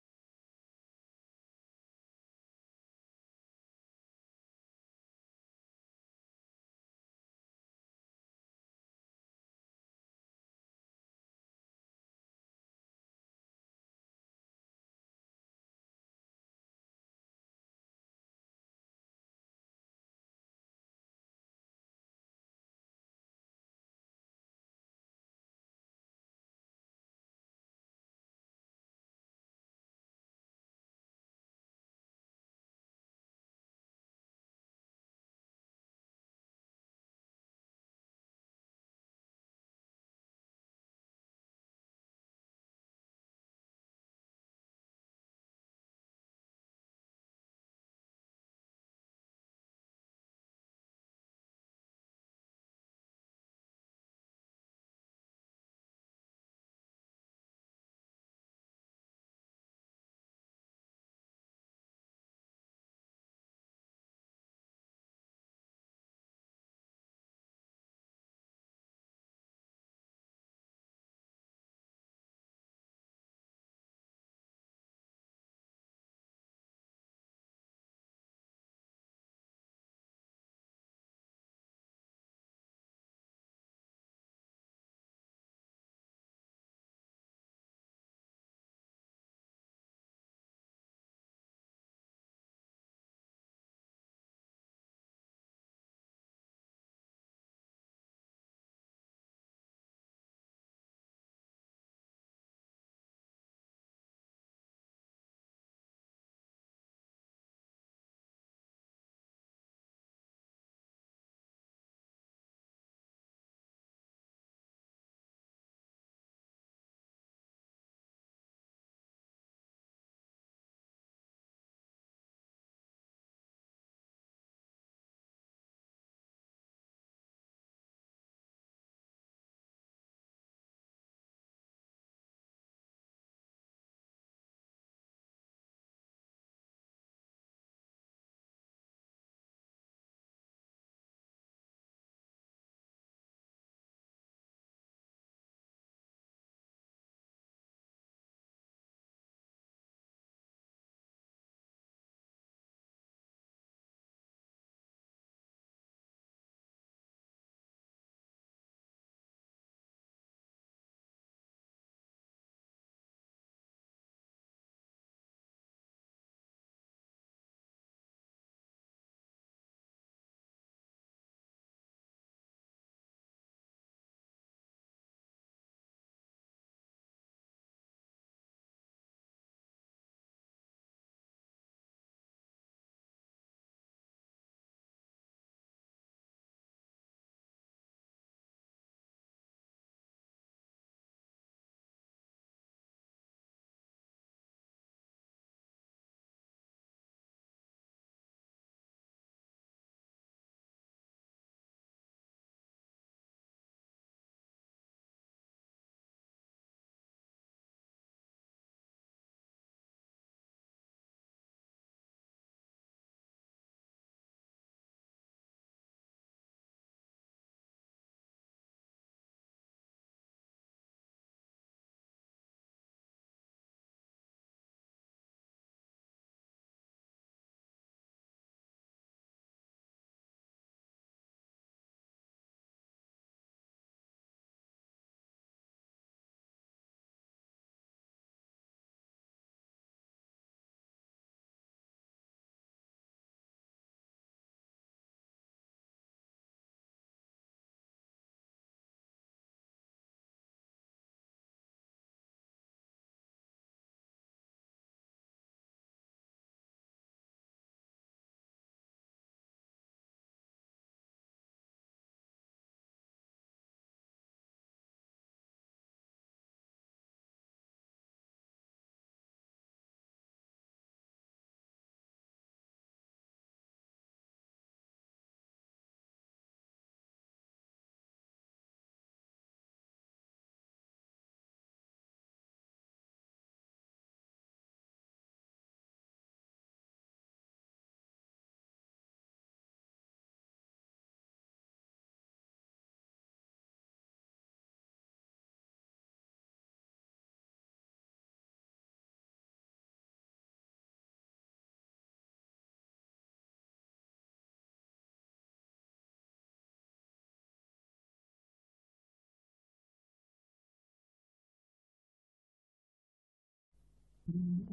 Thank mm -hmm. you.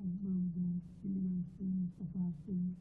include the Indian of our black things,